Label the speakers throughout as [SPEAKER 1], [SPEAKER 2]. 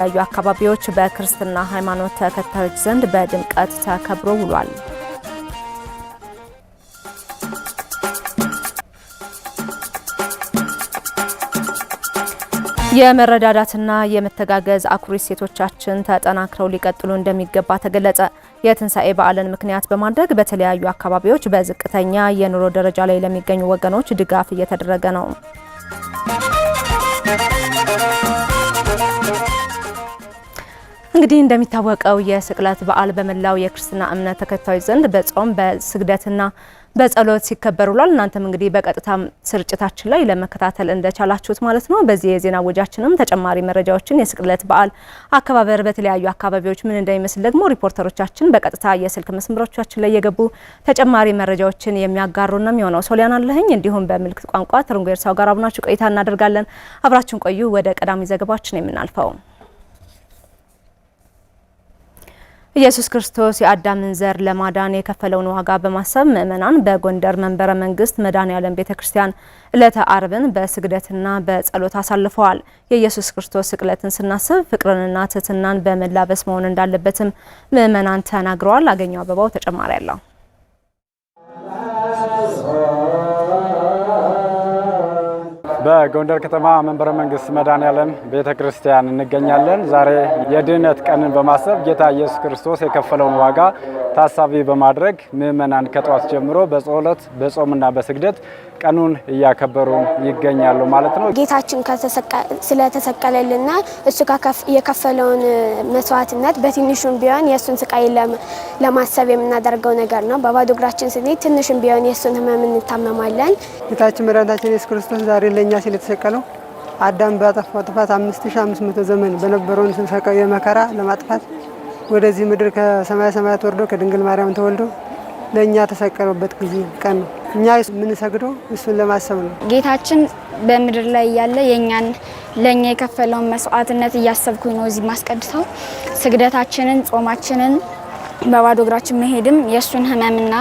[SPEAKER 1] የተለያዩ አካባቢዎች በክርስትና ሃይማኖት ተከታዮች ዘንድ በድምቀት ተከብሮ ውሏል። የመረዳዳትና የመተጋገዝ አኩሪ እሴቶቻችን ተጠናክረው ሊቀጥሉ እንደሚገባ ተገለጸ። የትንሣኤ በዓልን ምክንያት በማድረግ በተለያዩ አካባቢዎች በዝቅተኛ የኑሮ ደረጃ ላይ ለሚገኙ ወገኖች ድጋፍ እየተደረገ ነው። እንግዲህ እንደሚታወቀው የስቅለት በዓል በመላው የክርስትና እምነት ተከታዮች ዘንድ በጾም በስግደትና በጸሎት ሲከበር ውሏል። እናንተም እንግዲህ በቀጥታ ስርጭታችን ላይ ለመከታተል እንደቻላችሁት ማለት ነው። በዚህ የዜና ወጃችንም ተጨማሪ መረጃዎችን የስቅለት በዓል አከባበር በተለያዩ አካባቢዎች ምን እንደሚመስል ደግሞ ሪፖርተሮቻችን በቀጥታ የስልክ መስመሮቻችን ላይ የገቡ ተጨማሪ መረጃዎችን የሚያጋሩ ነው የሚሆነው። ሶሊያን አለህኝ እንዲሁም በምልክት ቋንቋ ትርንጎ ኤርሳው ጋር አብናችሁ ቆይታ እናደርጋለን። አብራችሁን ቆዩ። ወደ ቀዳሚ ዘገባችን የምናልፈው ኢየሱስ ክርስቶስ የአዳምን ዘር ለማዳን የከፈለውን ዋጋ በማሰብ ምዕመናን በጎንደር መንበረ መንግስት መድኃኔዓለም ቤተ ክርስቲያን ዕለተ አርብን በስግደትና በጸሎት አሳልፈዋል። የኢየሱስ ክርስቶስ ስቅለትን ስናስብ ፍቅርንና ትህትናን በመላበስ መሆን እንዳለበትም ምዕመናን ተናግረዋል። አገኘው አበባው ተጨማሪ ያለው
[SPEAKER 2] በጎንደር ከተማ መንበረ መንግስት መድኃኔዓለም ቤተ ክርስቲያን እንገኛለን። ዛሬ የድህነት ቀንን በማሰብ ጌታ ኢየሱስ ክርስቶስ የከፈለውን ዋጋ ታሳቢ በማድረግ ምዕመናን ከጠዋት ጀምሮ በጸሎት በጾምና በስግደት ቀኑን እያከበሩ ይገኛሉ ማለት ነው።
[SPEAKER 3] ጌታችን ስለተሰቀለልና እሱ የከፈለውን መስዋዕትነት በትንሹም ቢሆን የእሱን ስቃይ ለማሰብ የምናደርገው ነገር ነው። በባዶ እግራችን ስንሄድ ትንሹም ቢሆን የእሱን ህመም እንታመማለን።
[SPEAKER 4] ጌታችን መድኃኒታችን ኢየሱስ ክርስቶስ ዛሬ ለእኛ ሲል የተሰቀለው አዳም ባጠፋው ጥፋት 5500 ዘመን በነበረውን ስሰቀው የመከራ ለማጥፋት ወደዚህ ምድር ከሰማያ ሰማያት ወርዶ ከድንግል ማርያም ተወልዶ ለእኛ ተሰቀለበት ጊዜ ቀን ነው። እኛ የምንሰግደው እሱን ለማሰብ ነው።
[SPEAKER 3] ጌታችን በምድር ላይ እያለ የእኛን ለእኛ የከፈለውን መስዋዕትነት እያሰብኩኝ ነው እዚህ ማስቀድሰው ስግደታችንን፣ ጾማችንን፣ በባዶ እግራችን መሄድም የእሱን ህመምና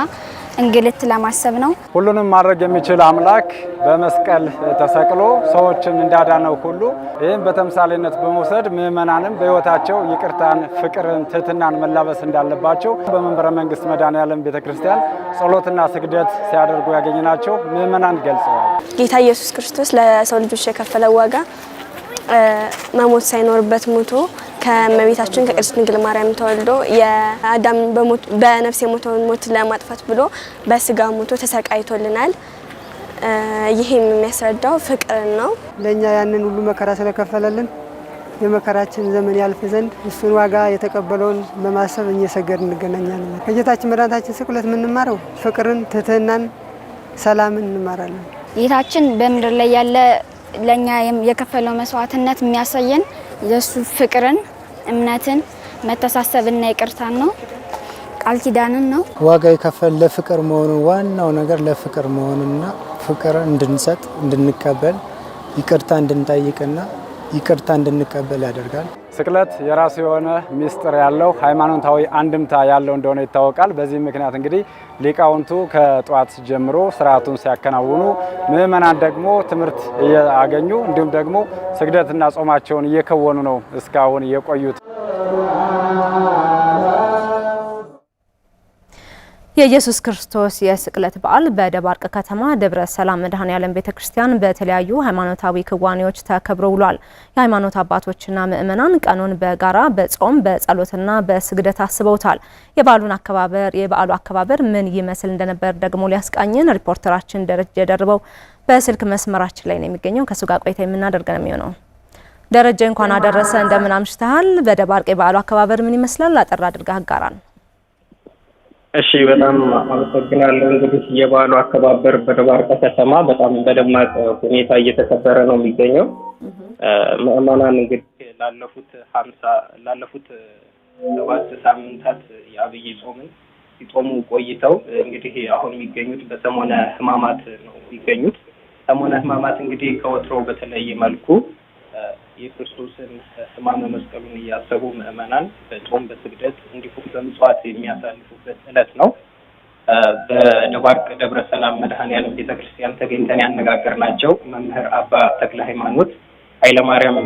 [SPEAKER 3] እንግልት ለማሰብ ነው።
[SPEAKER 2] ሁሉንም ማድረግ የሚችል አምላክ በመስቀል ተሰቅሎ ሰዎችን እንዳዳነው ሁሉ ይህም በተምሳሌነት በመውሰድ ምዕመናንም በሕይወታቸው ይቅርታን፣ ፍቅርን፣ ትህትናን መላበስ እንዳለባቸው በመንበረ መንግስት መድኃኔዓለም ቤተ ክርስቲያን ጸሎትና ስግደት ሲያደርጉ ያገኘናቸው ምዕመናን ገልጸዋል።
[SPEAKER 3] ጌታ ኢየሱስ ክርስቶስ ለሰው ልጆች የከፈለው ዋጋ መሞት ሳይኖርበት ሞቶ ከመቤታችን ከቅድስት ድንግል ማርያም ተወልዶ የአዳም በነፍስ የሞተውን ሞት ለማጥፋት ብሎ በስጋ ሞቶ ተሰቃይቶልናል። ይህም የሚያስረዳው ፍቅርን ነው።
[SPEAKER 4] ለእኛ ያንን ሁሉ መከራ ስለከፈለልን የመከራችን ዘመን ያልፍ ዘንድ እሱን ዋጋ የተቀበለውን በማሰብ እየሰገድ እንገናኛለን። ከጌታችን መድኃኒታችን ስቅለት የምንማረው ፍቅርን፣ ትህትናን፣ ሰላምን እንማራለን።
[SPEAKER 3] ጌታችን በምድር ላይ ያለ ለእኛ የከፈለው መስዋዕትነት የሚያሳየን የእሱ ፍቅርን፣ እምነትን፣ መተሳሰብና ይቅርታን ነው። ቃል ኪዳንን ነው።
[SPEAKER 5] ዋጋ የከፈል ለፍቅር መሆኑ ዋናው ነገር ለፍቅር መሆኑና ፍቅር እንድንሰጥ እንድንቀበል፣ ይቅርታ እንድንጠይቅና ይቅርታ እንድንቀበል ያደርጋል።
[SPEAKER 2] ስቅለት የራሱ የሆነ ሚስጥር ያለው ሃይማኖታዊ አንድምታ ያለው እንደሆነ ይታወቃል። በዚህ ምክንያት እንግዲህ ሊቃውንቱ ከጠዋት ጀምሮ ስርዓቱን ሲያከናውኑ፣ ምዕመናን ደግሞ ትምህርት እያገኙ እንዲሁም ደግሞ ስግደትና ጾማቸውን እየከወኑ ነው እስካሁን የቆዩት
[SPEAKER 1] የኢየሱስ ክርስቶስ የስቅለት በዓል በደባርቅ ከተማ ደብረ ሰላም መድኃኔ ዓለም ቤተ ክርስቲያን በተለያዩ ሃይማኖታዊ ክዋኔዎች ተከብሮ ውሏል። የሃይማኖት አባቶችና ምዕመናን ቀኑን በጋራ በጾም በጸሎትና በስግደት አስበውታል። የበዓሉን አከባበር የበዓሉ አከባበር ምን ይመስል እንደነበር ደግሞ ሊያስቃኝን ሪፖርተራችን ደረጀ ደርበው በስልክ መስመራችን ላይ ነው የሚገኘው። ከእሱ ጋር ቆይታ የምናደርግ ነው የሚሆነው። ደረጀ፣ እንኳን አደረሰ። እንደምን አምሽተሃል? በደባርቅ የበዓሉ አከባበር ምን ይመስላል? አጠር አድርጋ አጋራን።
[SPEAKER 6] እሺ በጣም አመሰግናለሁ። እንግዲህ የበዓሉ አከባበር በደባርቀ ከተማ በጣም በደማቅ ሁኔታ እየተከበረ ነው የሚገኘው። ምዕመናን እንግዲህ
[SPEAKER 7] ላለፉት ሀምሳ ላለፉት ሰባት ሳምንታት የአብይ ጾምን ሲጾሙ ቆይተው እንግዲህ አሁን የሚገኙት በሰሞነ ሕማማት ነው የሚገኙት። ሰሞነ ሕማማት እንግዲህ ከወትሮው በተለየ መልኩ የክርስቶስን ሕማመ መስቀሉን እያሰቡ ምእመናን በጾም በስግደት እንዲሁም በምጽዋት የሚያሳልፉበት እለት ነው። በደባርቅ ደብረ ሰላም መድኃኔዓለም ቤተ ክርስቲያን ተገኝተን ያነጋገርናቸው መምህር አባ ተክለ ሃይማኖት ኃይለማርያም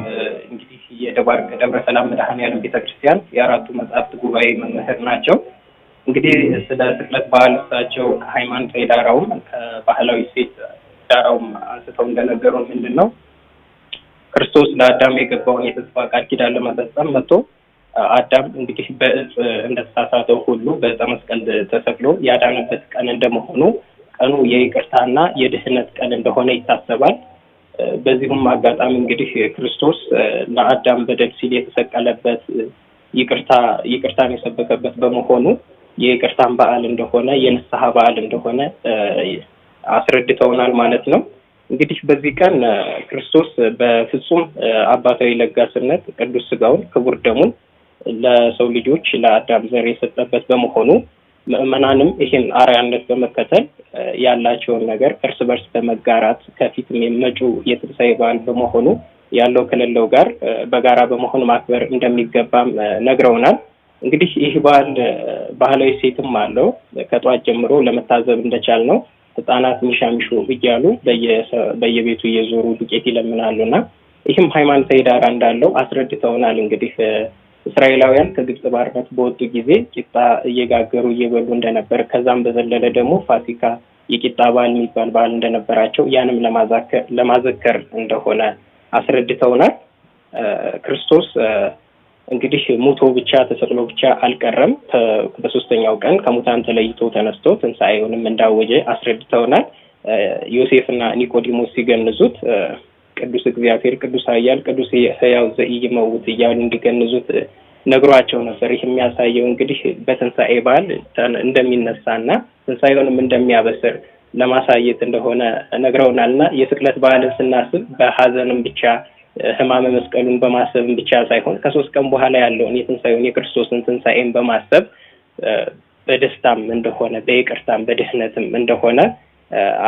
[SPEAKER 7] እንግዲህ የደባርቅ ደብረ ሰላም መድኃኔዓለም ቤተ ክርስቲያን የአራቱ መጽሐፍት ጉባኤ መምህር ናቸው። እንግዲህ ስለ ስቅለት በዓል እሳቸው ከሃይማኖታዊ ዳራውም ከባህላዊ ሴት ዳራውም አንስተው እንደነገሩን ምንድን ነው ክርስቶስ ለአዳም የገባውን የተስፋ ቃል ኪዳን ለመፈጸም መጥቶ አዳም እንግዲህ በእጽ እንደተሳሳተው ሁሉ በእጸ መስቀል ተሰቅሎ ያዳነበት ቀን እንደመሆኑ ቀኑ የይቅርታና የድህነት ቀን እንደሆነ ይታሰባል። በዚሁም አጋጣሚ እንግዲህ ክርስቶስ ለአዳም በደል ሲል የተሰቀለበት ይቅርታ ይቅርታን የሰበከበት በመሆኑ የይቅርታን በዓል እንደሆነ የንስሐ በዓል እንደሆነ አስረድተውናል ማለት ነው። እንግዲህ በዚህ ቀን ክርስቶስ በፍጹም አባታዊ ለጋስነት ቅዱስ ስጋውን ክቡር ደሙን ለሰው ልጆች ለአዳም ዘር የሰጠበት በመሆኑ ምእመናንም ይህን አርያነት በመከተል ያላቸውን ነገር እርስ በርስ በመጋራት ከፊትም የመጩ የትንሳኤ በዓል በመሆኑ ያለው ከሌለው ጋር በጋራ በመሆን ማክበር እንደሚገባም ነግረውናል። እንግዲህ ይህ በዓል ባህላዊ ሴትም አለው። ከጧት ጀምሮ ለመታዘብ እንደቻል ነው ህጻናት ሚሻ እያሉ በየቤቱ እየዞሩ ዱቄት ይለምናሉ እና ይህም ሃይማኖታዊ ዳራ እንዳለው አስረድተውናል። እንግዲህ እስራኤላውያን ከግብፅ ባርነት በወጡ ጊዜ ቂጣ እየጋገሩ እየበሉ እንደነበር ከዛም በዘለለ ደግሞ ፋሲካ የቂጣ በዓል የሚባል በዓል እንደነበራቸው ያንም ለማዘከር እንደሆነ አስረድተውናል። ክርስቶስ እንግዲህ ሙቶ ብቻ ተሰቅሎ ብቻ አልቀረም። በሶስተኛው ቀን ከሙታን ተለይቶ ተነስቶ ትንሣኤውንም እንዳወጀ አስረድተውናል። ዮሴፍና ኒቆዲሞስ ሲገንዙት ቅዱስ እግዚአብሔር፣ ቅዱስ ኃያል፣ ቅዱስ ሕያው ዘኢይመውት እያሉ እንዲገንዙት ነግሯቸው ነበር። ይህ የሚያሳየው እንግዲህ በትንሣኤ በዓል እንደሚነሳና ትንሣኤውንም እንደሚያበስር ለማሳየት እንደሆነ ነግረውናል እና የስቅለት በዓልን ስናስብ በሀዘንም ብቻ ህማመ መስቀሉን በማሰብን ብቻ ሳይሆን ከሶስት ቀን በኋላ ያለውን የትንሣኤውን የክርስቶስን ትንሳኤን በማሰብ በደስታም እንደሆነ በይቅርታም በድህነትም እንደሆነ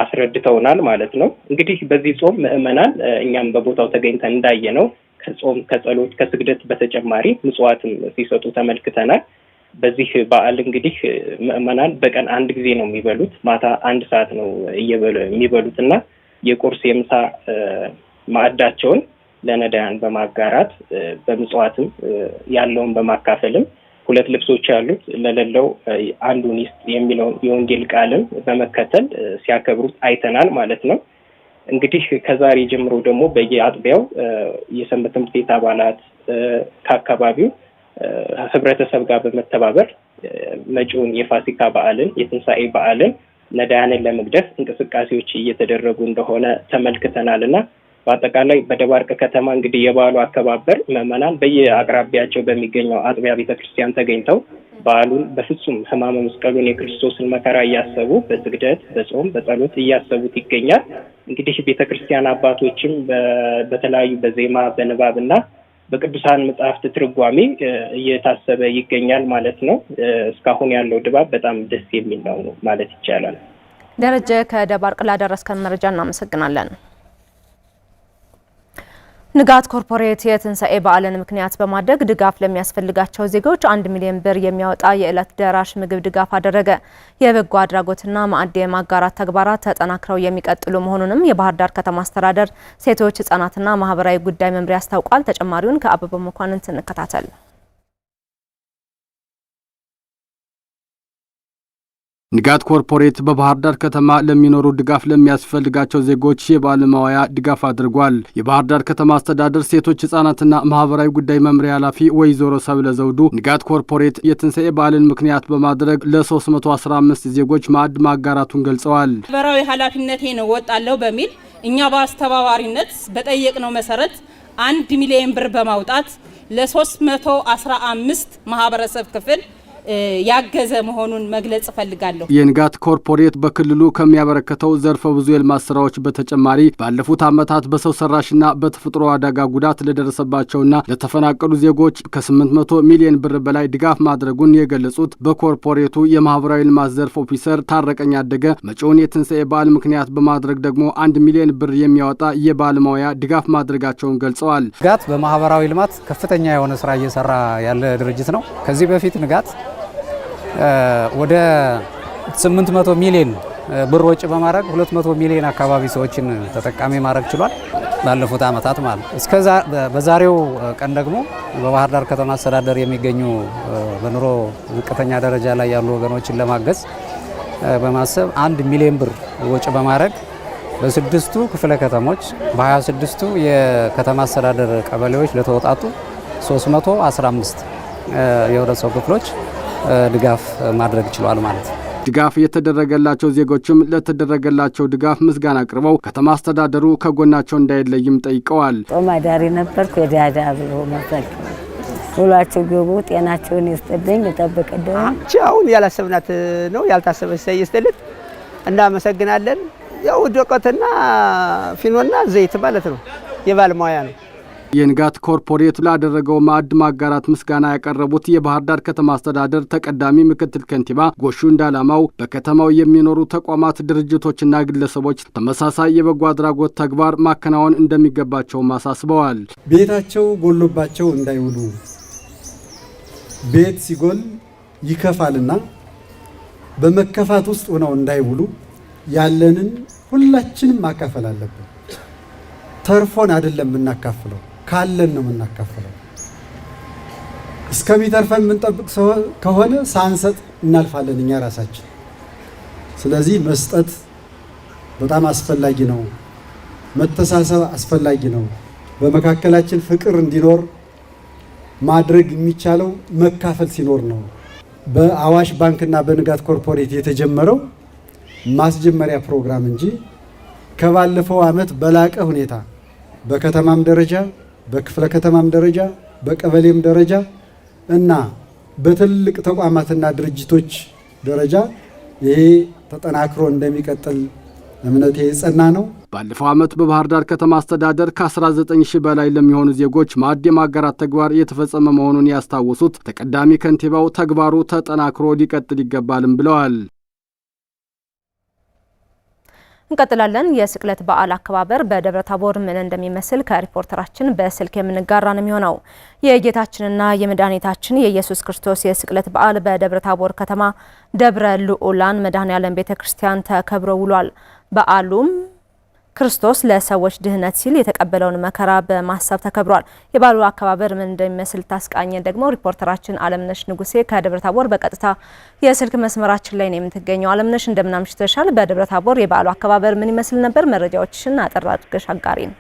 [SPEAKER 7] አስረድተውናል ማለት ነው። እንግዲህ በዚህ ጾም ምዕመናን እኛም በቦታው ተገኝተን እንዳየ ነው ከጾም ከጸሎት፣ ከስግደት በተጨማሪ ምጽዋትም ሲሰጡ ተመልክተናል። በዚህ በዓል እንግዲህ ምዕመናን በቀን አንድ ጊዜ ነው የሚበሉት። ማታ አንድ ሰዓት ነው የሚበሉት እና የቁርስ የምሳ ማዕዳቸውን ለነዳያን በማጋራት በምጽዋትም ያለውን በማካፈልም ሁለት ልብሶች ያሉት ለሌለው አንዱን ይስጥ የሚለውን የወንጌል ቃልን በመከተል ሲያከብሩት አይተናል ማለት ነው። እንግዲህ ከዛሬ ጀምሮ ደግሞ በየአጥቢያው የሰንበት ትምህርት ቤት አባላት ከአካባቢው ህብረተሰብ ጋር በመተባበር መጪውን የፋሲካ በዓልን የትንሣኤ በዓልን ነዳያንን ለመግደፍ እንቅስቃሴዎች እየተደረጉ እንደሆነ ተመልክተናል እና በአጠቃላይ በደባርቅ ከተማ እንግዲህ የበዓሉ አከባበር ምዕመናን በየአቅራቢያቸው በሚገኘው አጥቢያ ቤተ ክርስቲያን ተገኝተው በዓሉን በፍጹም ህማመ መስቀሉን የክርስቶስን መከራ እያሰቡ በስግደት፣ በጾም፣ በጸሎት እያሰቡት ይገኛል። እንግዲህ ቤተ ክርስቲያን አባቶችም በተለያዩ በዜማ በንባብ እና በቅዱሳን መጽሐፍት ትርጓሜ እየታሰበ ይገኛል ማለት ነው። እስካሁን ያለው ድባብ በጣም ደስ የሚል ነው ማለት ይቻላል።
[SPEAKER 1] ደረጀ፣ ከደባርቅ ላደረስከን መረጃ እናመሰግናለን። ንጋት ኮርፖሬት የትንሳኤ በዓልን ምክንያት በማድረግ ድጋፍ ለሚያስፈልጋቸው ዜጎች አንድ ሚሊዮን ብር የሚያወጣ የዕለት ደራሽ ምግብ ድጋፍ አደረገ። የበጎ አድራጎትና ማዕድ የማጋራት ተግባራት ተጠናክረው የሚቀጥሉ መሆኑንም የባህር ዳር ከተማ አስተዳደር ሴቶች ሕፃናትና ማህበራዊ ጉዳይ መምሪያ አስታውቋል። ተጨማሪውን ከአበበ መኳንንት እንከታተል።
[SPEAKER 8] ንጋት ኮርፖሬት በባህር ዳር ከተማ ለሚኖሩ ድጋፍ ለሚያስፈልጋቸው ዜጎች የባለሙያ ድጋፍ አድርጓል። የባህር ዳር ከተማ አስተዳደር ሴቶች ህጻናትና ማህበራዊ ጉዳይ መምሪያ ኃላፊ
[SPEAKER 9] ወይዘሮ ሰብለ ዘውዱ ንጋት ኮርፖሬት የትንሣኤ በዓልን ምክንያት በማድረግ ለ315 ዜጎች ማዕድ ማጋራቱን ገልጸዋል። ማህበራዊ ነው ወጣለሁ በሚል እኛ በአስተባባሪነት በጠየቅነው መሰረት አንድ ሚሊዮን ብር በማውጣት ለ315 ማህበረሰብ ክፍል ያገዘ መሆኑን መግለጽ እፈልጋለሁ። የንጋት ኮርፖሬት በክልሉ ከሚያበረከተው
[SPEAKER 10] ዘርፈ ብዙ የልማት ስራዎች በተጨማሪ ባለፉት ዓመታት በሰው ሰራሽና በተፈጥሮ አደጋ ጉዳት ለደረሰባቸውና ለተፈናቀሉ ዜጎች ከ800 ሚሊዮን ብር በላይ ድጋፍ ማድረጉን የገለጹት በኮርፖሬቱ የማህበራዊ ልማት ዘርፍ ኦፊሰር ታረቀኝ አደገ መጪውን የትንሣኤ በዓል ምክንያት በማድረግ ደግሞ አንድ ሚሊዮን ብር የሚያወጣ የባለሙያ ድጋፍ ማድረጋቸውን ገልጸዋል። ንጋት በማህበራዊ ልማት ከፍተኛ የሆነ ስራ እየሰራ ያለ ድርጅት ነው። ከዚህ በፊት ንጋት ወደ 800 ሚሊዮን ብር ወጪ በማድረግ 200 ሚሊዮን አካባቢ ሰዎችን ተጠቃሚ ማድረግ ችሏል። ባለፉት አመታት ማለት እስከዛ በዛሬው ቀን ደግሞ በባህር
[SPEAKER 9] ዳር ከተማ አስተዳደር የሚገኙ በኑሮ ዝቅተኛ ደረጃ ላይ ያሉ ወገኖችን ለማገዝ በማሰብ አንድ ሚሊዮን
[SPEAKER 11] ብር ወጪ በማድረግ በስድስቱ ክፍለ ከተሞች በ26ቱ የከተማ አስተዳደር ቀበሌዎች
[SPEAKER 12] ለተወጣጡ 315 የህብረተሰብ ክፍሎች ድጋፍ ማድረግ ችሏል ማለት ነው። ድጋፍ የተደረገላቸው ዜጎችም ለተደረገላቸው
[SPEAKER 9] ድጋፍ ምስጋና አቅርበው ከተማ አስተዳደሩ ከጎናቸው እንዳይለይም ጠይቀዋል። ጦም አዳሪ ነበርኩ የዳዳ ብሎ መፈቅ ውሏቸው ገቡ። ጤናቸውን ይስጥልኝ፣ የጠበቀ አሁን ያላሰብናት ነው ያልታሰበ ይስጥልን። እናመሰግናለን።
[SPEAKER 13] ያው ዶቀትና ፊኖና ዘይት ማለት ነው የባለሙያ ነው። የንጋት ኮርፖሬት ላደረገው ማዕድ ማጋራት ምስጋና ያቀረቡት የባህር ዳር ከተማ አስተዳደር ተቀዳሚ ምክትል ከንቲባ ጎሹ እንዳላማው በከተማው የሚኖሩ ተቋማት፣ ድርጅቶችና ግለሰቦች ተመሳሳይ የበጎ አድራጎት ተግባር ማከናወን እንደሚገባቸውም አሳስበዋል። ቤታቸው ጎሎባቸው እንዳይውሉ ቤት ሲጎል ይከፋልና በመከፋት ውስጥ ሆነው እንዳይውሉ ያለንን ሁላችንም ማካፈል አለብን። ተርፎን አይደለም የምናካፍለው። ካለን ነው የምናካፍለው። እስከሚተርፈን የምንጠብቅ ከሆነ ሳንሰጥ እናልፋለን እኛ ራሳችን። ስለዚህ መስጠት በጣም አስፈላጊ ነው። መተሳሰብ አስፈላጊ ነው። በመካከላችን ፍቅር እንዲኖር ማድረግ የሚቻለው መካፈል ሲኖር ነው። በአዋሽ ባንክና
[SPEAKER 9] በንጋት ኮርፖሬት የተጀመረው ማስጀመሪያ ፕሮግራም እንጂ ከባለፈው ዓመት በላቀ ሁኔታ በከተማም ደረጃ በክፍለ ከተማም ደረጃ በቀበሌም ደረጃ እና
[SPEAKER 1] በትልቅ ተቋማትና ድርጅቶች ደረጃ ይሄ ተጠናክሮ እንደሚቀጥል እምነቴ የጸና ነው። ባለፈው ዓመት በባህር ዳር ከተማ አስተዳደር ከ19 ሺህ በላይ ለሚሆኑ ዜጎች ማዕድ የማጋራት ተግባር እየተፈጸመ መሆኑን ያስታወሱት ተቀዳሚ ከንቲባው ተግባሩ ተጠናክሮ ሊቀጥል ይገባልም ብለዋል። እንቀጥላለን። የስቅለት በዓል አከባበር በደብረ ታቦር ምን እንደሚመስል ከሪፖርተራችን በስልክ የምንጋራ ነው የሚሆነው። የጌታችንና የመድኃኒታችን የኢየሱስ ክርስቶስ የስቅለት በዓል በደብረ ታቦር ከተማ ደብረ ልዑላን መድኃኔ ዓለም ቤተ
[SPEAKER 14] ክርስቲያን ተከብሮ ውሏል። በዓሉም ክርስቶስ ለሰዎች ድህነት ሲል የተቀበለውን መከራ በማሰብ ተከብሯል። የበዓሉ አከባበር ምን እንደሚመስል ታስቃኘን ደግሞ ሪፖርተራችን አለምነሽ ንጉሴ ከደብረ ታቦር በቀጥታ የስልክ መስመራችን ላይ ነው የምትገኘው። አለምነሽ እንደምን አምሽተሻል? በደብረ ታቦር የበዓሉ አከባበር ምን ይመስል ነበር? መረጃዎችሽን አጠር አድርገሽ አጋሪ ነው።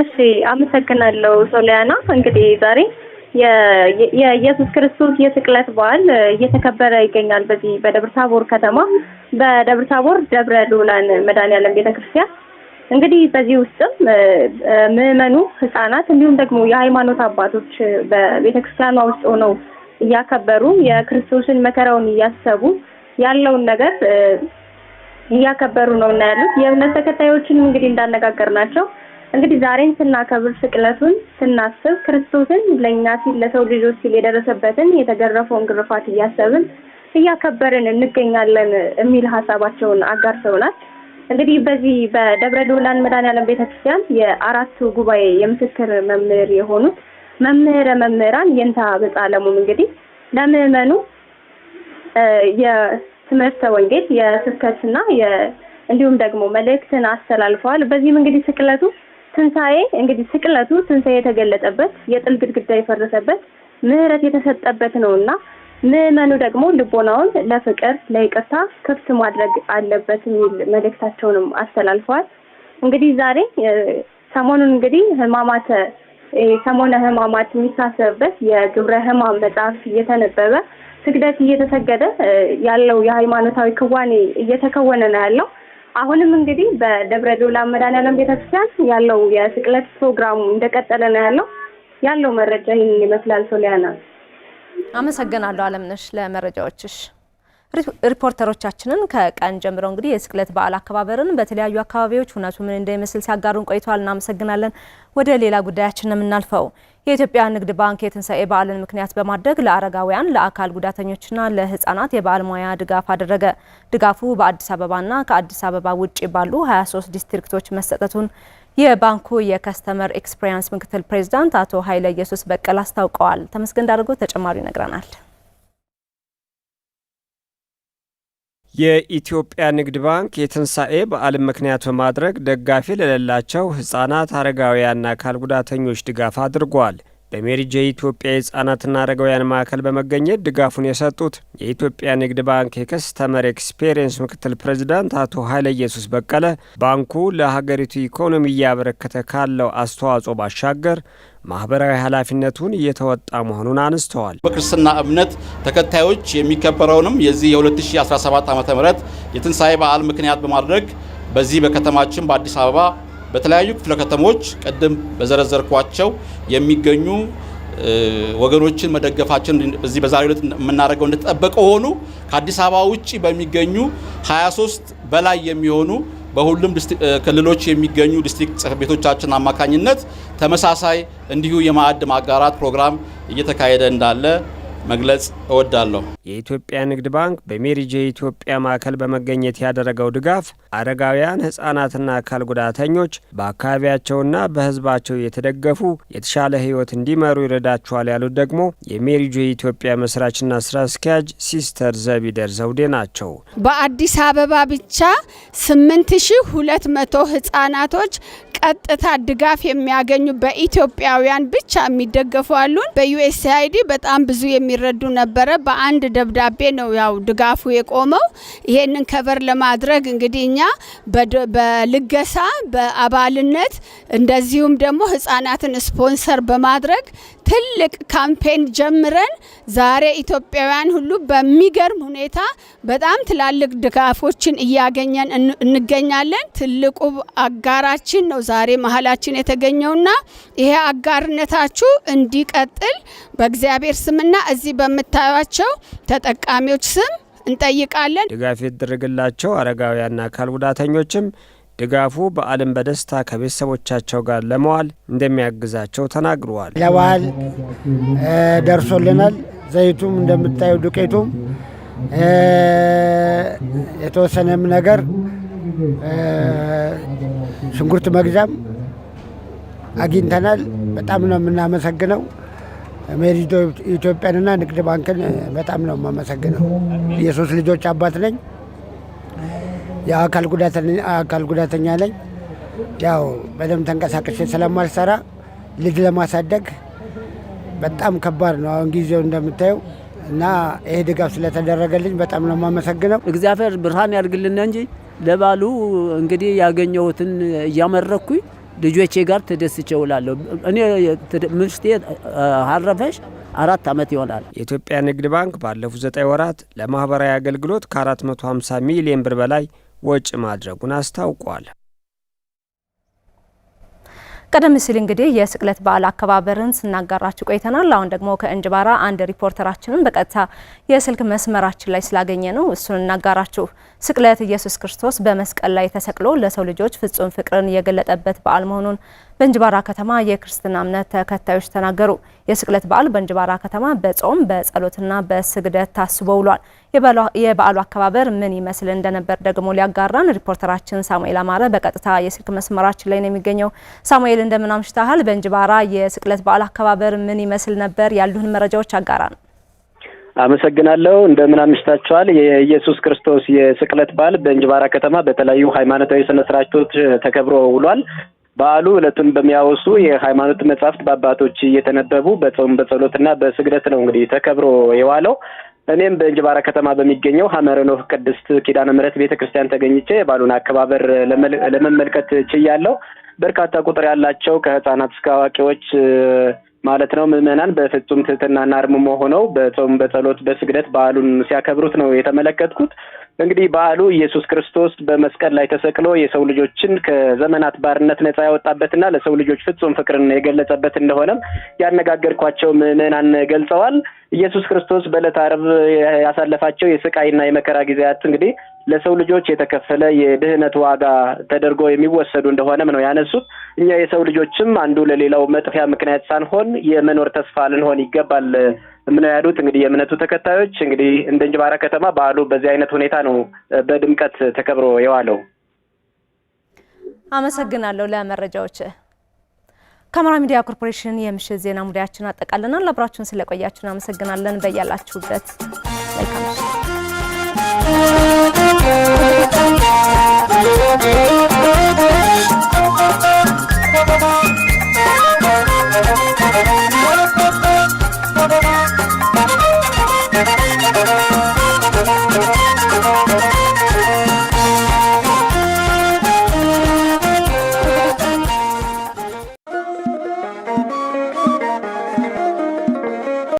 [SPEAKER 14] እሺ አመሰግናለሁ ሶሊያና። እንግዲህ ዛሬ የኢየሱስ ክርስቶስ የስቅለት በዓል እየተከበረ ይገኛል። በዚህ በደብረ ታቦር ከተማ በደብረ ታቦር ደብረ ልዑላን መድኃኔዓለም ቤተክርስቲያን እንግዲህ በዚህ ውስጥም ምዕመኑ፣ ህጻናት እንዲሁም ደግሞ የሃይማኖት አባቶች በቤተክርስቲያኗ ውስጥ ሆነው እያከበሩ የክርስቶስን መከራውን እያሰቡ ያለውን ነገር እያከበሩ ነው እና ያሉት የእምነት ተከታዮችን እንግዲህ እንዳነጋገር ናቸው እንግዲህ ዛሬን ስናከብር ስቅለቱን ስናስብ ክርስቶስን ለእኛ ሲል ለሰው ልጆች ሲል የደረሰበትን የተገረፈውን ግርፋት እያሰብን እያከበርን እንገኛለን የሚል ሀሳባቸውን አጋርተውናል። እንግዲህ በዚህ በደብረ ልዑላን መድኃኔዓለም ቤተክርስቲያን የአራቱ ጉባኤ የምስክር መምህር የሆኑት መምህረ መምህራን የንታ በጻ አለሙም እንግዲህ ለምዕመኑ የትምህርተ ወንጌል የስብከትና እንዲሁም ደግሞ መልእክትን አስተላልፈዋል። በዚህም እንግዲህ ስቅለቱ ትንሣኤ እንግዲህ ስቅለቱ ትንሣኤ የተገለጠበት የጥል ግድግዳ የፈረሰበት ምህረት የተሰጠበት ነውና ምዕመኑ ደግሞ ልቦናውን ለፍቅር ለይቅርታ ክፍት ማድረግ አለበት የሚል መልእክታቸውንም አስተላልፈዋል። እንግዲህ ዛሬ
[SPEAKER 1] ሰሞኑን እንግዲህ ሕማማተ ሰሞነ ህማማት የሚታሰብበት የግብረ ህማም መጽሐፍ እየተነበበ ስግደት እየተሰገደ ያለው የሃይማኖታዊ ክዋኔ እየተከወነ ነው ያለው። አሁንም እንግዲህ በደብረ ዶላ መድኃኔዓለም ቤተክርስቲያን ያለው የስቅለት ፕሮግራሙ እንደቀጠለ ነው ያለው። ያለው መረጃ ይህን ይመስላል። ሶሊያና አመሰግናለሁ አለምነሽ ለመረጃዎችሽ። ሪፖርተሮቻችንን ከቀን ጀምሮ እንግዲህ የስቅለት በዓል አከባበርን በተለያዩ አካባቢዎች ሁነቱ ምን እንደሚመስል ሲያጋሩን ቆይተዋል። እናመሰግናለን። ወደ ሌላ ጉዳያችን የምናልፈው
[SPEAKER 9] የኢትዮጵያ ንግድ ባንክ የትንሳኤ በዓልን ምክንያት በማድረግ ለአረጋውያን፣ ለአካል ጉዳተኞችና ለህጻናት የበዓል ሙያ ድጋፍ አደረገ። ድጋፉ በአዲስ አበባና ከአዲስ አበባ ውጭ ባሉ 23 ዲስትሪክቶች መሰጠቱን የባንኩ የከስተመር ኤክስፒሪየንስ ምክትል ፕሬዚዳንት አቶ ኃይለ ኢየሱስ በቀል አስታውቀዋል። ተመስገን ዳርጎ ተጨማሪ ይነግረናል። የኢትዮጵያ ንግድ ባንክ የትንሣኤ በዓልን ምክንያት በማድረግ ደጋፊ ለሌላቸው ሕፃናት አረጋውያንና አካል ጉዳተኞች ድጋፍ አድርጓል። በሜሪጄ የኢትዮጵያ የሕፃናትና አረጋውያን ማዕከል በመገኘት ድጋፉን የሰጡት የኢትዮጵያ ንግድ ባንክ የከስተመር ኤክስፔሪየንስ ምክትል ፕሬዚዳንት አቶ ኃይለ ኢየሱስ በቀለ ባንኩ ለሀገሪቱ ኢኮኖሚ እያበረከተ ካለው አስተዋጽኦ ባሻገር ማህበራዊ ኃላፊነቱን እየተወጣ መሆኑን አንስተዋል።
[SPEAKER 15] በክርስትና እምነት ተከታዮች የሚከበረውንም የዚህ የ2017 ዓ ም የትንሣኤ በዓል ምክንያት በማድረግ በዚህ በከተማችን በአዲስ አበባ በተለያዩ ክፍለ ከተሞች ቅድም በዘረዘርኳቸው የሚገኙ ወገኖችን መደገፋችን እዚህ በዛሬው ዕለት የምናደርገው እንደተጠበቀው ሆኖ ከአዲስ አበባ ውጭ በሚገኙ 23 በላይ የሚሆኑ በሁሉም ክልሎች የሚገኙ ዲስትሪክት ጽህፈት ቤቶቻችን አማካኝነት ተመሳሳይ እንዲሁ የማዕድ ማጋራት ፕሮግራም እየተካሄደ እንዳለ መግለጽ እወዳለሁ።
[SPEAKER 9] የኢትዮጵያ ንግድ ባንክ በሜሪጄ የኢትዮጵያ ማዕከል በመገኘት ያደረገው ድጋፍ አረጋውያን፣ ሕጻናትና አካል ጉዳተኞች በአካባቢያቸውና በሕዝባቸው የተደገፉ የተሻለ ሕይወት እንዲመሩ ይረዳቸዋል ያሉት ደግሞ የሜሪጄ የኢትዮጵያ መስራችና ስራ አስኪያጅ ሲስተር ዘቢደር ዘውዴ ናቸው።
[SPEAKER 16] በአዲስ አበባ ብቻ 8200 ሕጻናቶች ቀጥታ ድጋፍ የሚያገኙ በኢትዮጵያውያን ብቻ የሚደገፉ አሉን። በዩኤስአይዲ በጣም ብዙ የሚ የሚረዱ ነበረ። በአንድ ደብዳቤ ነው ያው ድጋፉ የቆመው። ይሄንን ከበር ለማድረግ እንግዲህ እኛ በልገሳ በአባልነት እንደዚሁም ደግሞ ህጻናትን ስፖንሰር በማድረግ ትልቅ ካምፔን ጀምረን ዛሬ ኢትዮጵያውያን ሁሉ በሚገርም ሁኔታ በጣም ትላልቅ ድጋፎችን እያገኘን እንገኛለን። ትልቁ አጋራችን ነው ዛሬ መሀላችን የተገኘውና ይሄ አጋርነታችሁ እንዲቀጥል በእግዚአብሔር ስምና እዚህ በምታዩቸው ተጠቃሚዎች ስም እንጠይቃለን።
[SPEAKER 9] ድጋፍ የተደረገላቸው አረጋውያንና አካል ጉዳተኞችም ድጋፉ በዓልን በደስታ ከቤተሰቦቻቸው ጋር ለመዋል እንደሚያግዛቸው ተናግረዋል።
[SPEAKER 17] ለበዓል ደርሶልናል። ዘይቱም እንደምታዩ ዱቄቱም የተወሰነም ነገር ሽንኩርት መግዛም አግኝተናል። በጣም ነው የምናመሰግነው። ሜሪቶ ኢትዮጵያንና ንግድ ባንክን በጣም ነው የማመሰግነው። የሶስት ልጆች አባት ነኝ። የአካል አካል ጉዳተኛ ነኝ። ያው በደንብ ተንቀሳቀሽ ስለማልሰራ ልጅ ለማሳደግ በጣም ከባድ ነው አሁን ጊዜው እንደምታየው እና ይሄ ድጋፍ ስለተደረገልኝ በጣም ነው የማመሰግነው።
[SPEAKER 18] እግዚአብሔር ብርሃን ያድርግልን እንጂ ለባሉ እንግዲህ ያገኘሁትን እያመረኩኝ ልጆቼ ጋር ተደስቼ ውላለሁ እኔ ምሽቴ አረፈሽ አራት ዓመት ይሆናል።
[SPEAKER 9] የኢትዮጵያ ንግድ ባንክ ባለፉት ዘጠኝ ወራት ለማህበራዊ አገልግሎት ከ450 ሚሊዮን ብር በላይ ወጪ ማድረጉን አስታውቋል።
[SPEAKER 1] ቀደም ሲል እንግዲህ የስቅለት በዓል አከባበርን ስናጋራችሁ ቆይተናል። አሁን ደግሞ ከእንጅባራ አንድ ሪፖርተራችንን በቀጥታ የስልክ መስመራችን ላይ ስላገኘ ነው እሱን እናጋራችሁ። ስቅለት ኢየሱስ ክርስቶስ በመስቀል ላይ ተሰቅሎ ለሰው ልጆች ፍጹም ፍቅርን የገለጠበት በዓል መሆኑን በእንጅባራ ከተማ የክርስትና እምነት ተከታዮች ተናገሩ። የስቅለት በዓል በእንጅባራ ከተማ በጾም በጸሎትና በስግደት ታስቦ ውሏል። የበዓሉ አከባበር ምን ይመስል እንደነበር ደግሞ ሊያጋራን ሪፖርተራችን ሳሙኤል አማረ በቀጥታ የስልክ መስመራችን ላይ ነው የሚገኘው። ሳሙኤል እንደምን አምሽተሃል? በእንጅባራ የስቅለት በዓል አከባበር ምን ይመስል ነበር? ያሉን መረጃዎች አጋራን።
[SPEAKER 6] አመሰግናለሁ። እንደምን አምሽታችኋል። የኢየሱስ ክርስቶስ የስቅለት በዓል በእንጅባራ ከተማ በተለያዩ ሃይማኖታዊ ስነስርቶች ተከብሮ ውሏል። በዓሉ እለቱን በሚያወሱ የሃይማኖት መጽሐፍት በአባቶች እየተነበቡ በጾም በጸሎትና በስግደት ነው እንግዲህ ተከብሮ የዋለው። እኔም በእንጅባራ ከተማ በሚገኘው ሀመረ ኖህ ቅድስት ኪዳነ ምሕረት ቤተ ክርስቲያን ተገኝቼ የበዓሉን አከባበር ለመመልከት ችያለው። በርካታ ቁጥር ያላቸው ከህፃናት እስከ አዋቂዎች ማለት ነው። ምዕመናን በፍጹም ትህትናና እርምሞ ሆነው በጾም በጸሎት በስግደት በዓሉን ሲያከብሩት ነው የተመለከትኩት። እንግዲህ በዓሉ ኢየሱስ ክርስቶስ በመስቀል ላይ ተሰቅሎ የሰው ልጆችን ከዘመናት ባርነት ነፃ ያወጣበትና ለሰው ልጆች ፍጹም ፍቅርን የገለጸበት እንደሆነም ያነጋገርኳቸው ምዕመናን ገልጸዋል። ኢየሱስ ክርስቶስ በዕለተ ዓርብ ያሳለፋቸው የስቃይና የመከራ ጊዜያት እንግዲህ ለሰው ልጆች የተከፈለ የድህነት ዋጋ ተደርጎ የሚወሰዱ እንደሆነም ነው ያነሱት። እኛ የሰው ልጆችም አንዱ ለሌላው መጥፊያ ምክንያት ሳንሆን የመኖር ተስፋ ልንሆን ይገባል ምነው ያሉት። እንግዲህ የእምነቱ ተከታዮች እንግዲህ እንደ እንጅባራ ከተማ በዓሉ በዚህ አይነት ሁኔታ ነው በድምቀት ተከብሮ የዋለው።
[SPEAKER 1] አመሰግናለሁ ለመረጃዎች። ከአማራ ሚዲያ ኮርፖሬሽን የምሽት ዜና ሙዳያችን አጠቃለናል። አብራችሁን ስለቆያችሁን አመሰግናለን። በያላችሁበት መልካም Thank you.